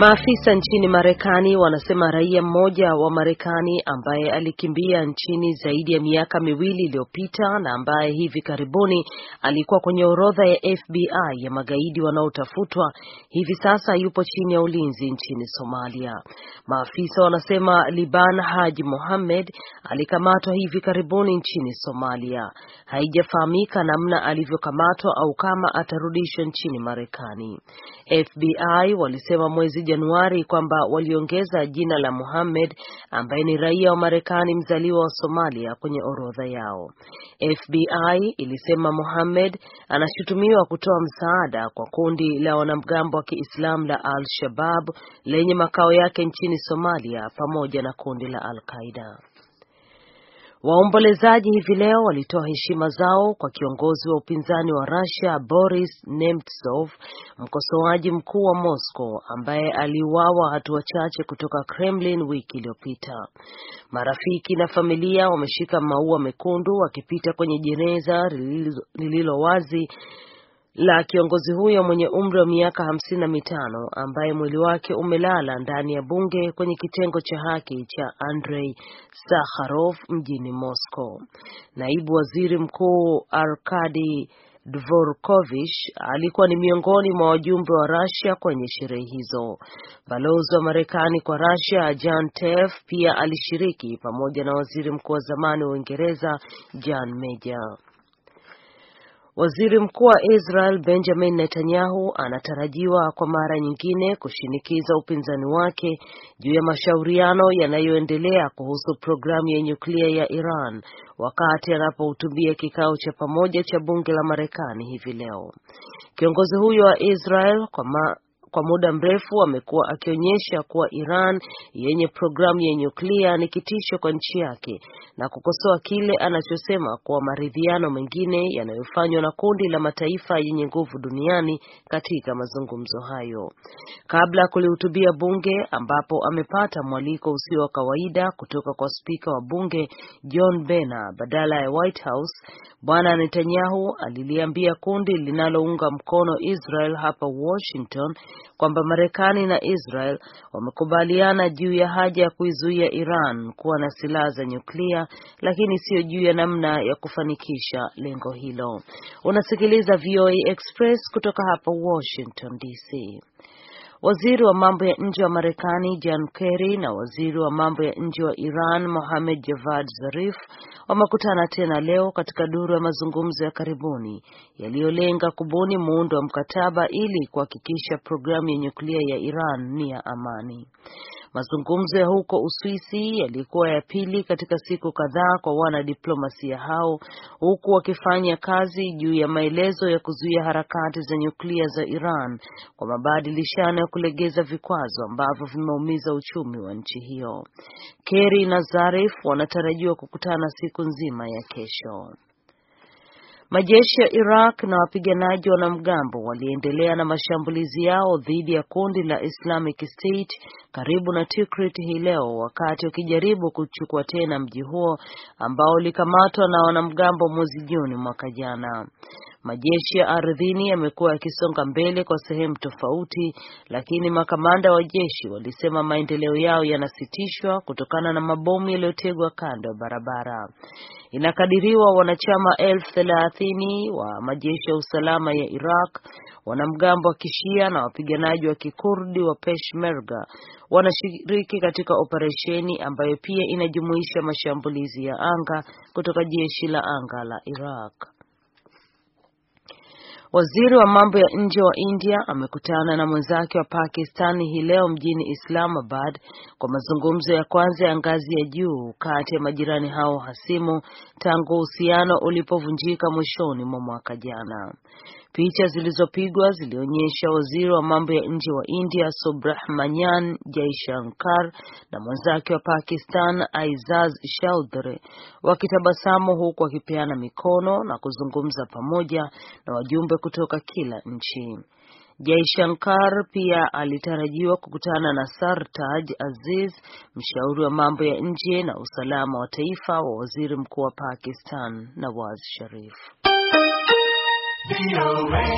Maafisa nchini Marekani wanasema raia mmoja wa Marekani ambaye alikimbia nchini zaidi ya miaka miwili iliyopita na ambaye hivi karibuni alikuwa kwenye orodha ya FBI ya magaidi wanaotafutwa hivi sasa yupo chini ya ulinzi nchini Somalia. Maafisa wanasema Liban Haji Mohamed alikamatwa hivi karibuni nchini Somalia. Haijafahamika namna alivyokamatwa au kama atarudishwa nchini Marekani. FBI walisema mwezi Januari kwamba waliongeza jina la Mohamed ambaye ni raia wa Marekani mzaliwa wa Somalia kwenye orodha yao. FBI ilisema Mohamed anashutumiwa kutoa msaada kwa kundi la wanamgambo wa Kiislamu la Al-Shabaab lenye makao yake nchini Somalia pamoja na kundi la Al-Qaeda. Waombolezaji hivi leo walitoa heshima zao kwa kiongozi wa upinzani wa Russia Boris Nemtsov, mkosoaji mkuu wa Moscow ambaye aliuawa hatua chache kutoka Kremlin wiki iliyopita. Marafiki na familia wameshika maua mekundu wakipita kwenye jeneza lililo wazi la kiongozi huyo mwenye umri wa miaka hamsini na mitano ambaye mwili wake umelala ndani ya bunge kwenye kitengo cha haki cha Andrei Sakharov mjini Moscow. Naibu waziri mkuu Arkadi Dvorkovich alikuwa ni miongoni mwa wajumbe wa Russia kwenye sherehe hizo. Balozi wa Marekani kwa Russia John tef pia alishiriki pamoja na waziri mkuu wa zamani wa Uingereza John Major. Waziri Mkuu wa Israel Benjamin Netanyahu anatarajiwa kwa mara nyingine kushinikiza upinzani wake juu ya mashauriano yanayoendelea kuhusu programu ya nyuklia ya Iran wakati anapohutubia kikao cha pamoja cha bunge la Marekani hivi leo. Kiongozi huyo wa Israel kwa ma kwa muda mrefu amekuwa akionyesha kuwa Iran yenye programu ya nyuklia ni kitisho kwa nchi yake na kukosoa kile anachosema kuwa maridhiano mengine yanayofanywa na kundi la mataifa yenye nguvu duniani katika mazungumzo hayo. Kabla ya kulihutubia bunge ambapo amepata mwaliko usio wa kawaida kutoka kwa spika wa bunge John Bena badala ya White House, Bwana Netanyahu aliliambia kundi linalounga mkono Israel hapa Washington kwamba Marekani na Israel wamekubaliana juu ya haja ya kuizuia Iran kuwa na silaha za nyuklia, lakini sio juu ya namna ya kufanikisha lengo hilo. Unasikiliza VOA Express kutoka hapa Washington DC. Waziri wa mambo ya nje wa Marekani John Kerry na waziri wa mambo ya nje wa Iran Mohamed Javad Zarif wamekutana tena leo katika duru ya mazungumzo ya karibuni yaliyolenga kubuni muundo wa mkataba ili kuhakikisha programu ya nyuklia ya Iran ni ya amani. Mazungumzo ya huko Uswisi yalikuwa ya pili katika siku kadhaa kwa wanadiplomasia hao huku wakifanya kazi juu ya maelezo ya kuzuia harakati za nyuklia za Iran kwa mabadilishano ya kulegeza vikwazo ambavyo vimeumiza uchumi wa nchi hiyo. Kerry na Zarif wanatarajiwa kukutana siku nzima ya kesho. Majeshi ya Iraq na wapiganaji wanamgambo waliendelea na mashambulizi yao dhidi ya kundi la Islamic State karibu na Tikrit hii leo, wakati wakijaribu kuchukua tena mji huo ambao ulikamatwa na wanamgambo mwezi Juni mwaka jana. Majeshi ya ardhini yamekuwa yakisonga mbele kwa sehemu tofauti, lakini makamanda wa jeshi walisema maendeleo yao yanasitishwa kutokana na mabomu yaliyotegwa kando ya barabara. Inakadiriwa wanachama elfu thelathini wa majeshi ya usalama ya Iraq, wanamgambo wa Kishia na wapiganaji wa Kikurdi wa Peshmerga wanashiriki katika operesheni ambayo pia inajumuisha mashambulizi ya anga kutoka jeshi la anga la Iraq. Waziri wa mambo ya nje wa India amekutana na mwenzake wa Pakistani hii leo mjini Islamabad kwa mazungumzo ya kwanza ya ngazi ya juu kati ya majirani hao hasimu tangu uhusiano ulipovunjika mwishoni mwa mwaka jana. Picha zilizopigwa zilionyesha waziri wa mambo ya nje wa India Subrahmanyan Jaishankar na mwenzake wa Pakistan Aizaz Chowdhury wakitabasamu huku wakipeana mikono na kuzungumza pamoja na wajumbe kutoka kila nchi. Jaishankar pia alitarajiwa kukutana na Sartaj Aziz, mshauri wa mambo ya nje na usalama wa taifa wa waziri mkuu wa Pakistan Nawaz Sharif. VOA.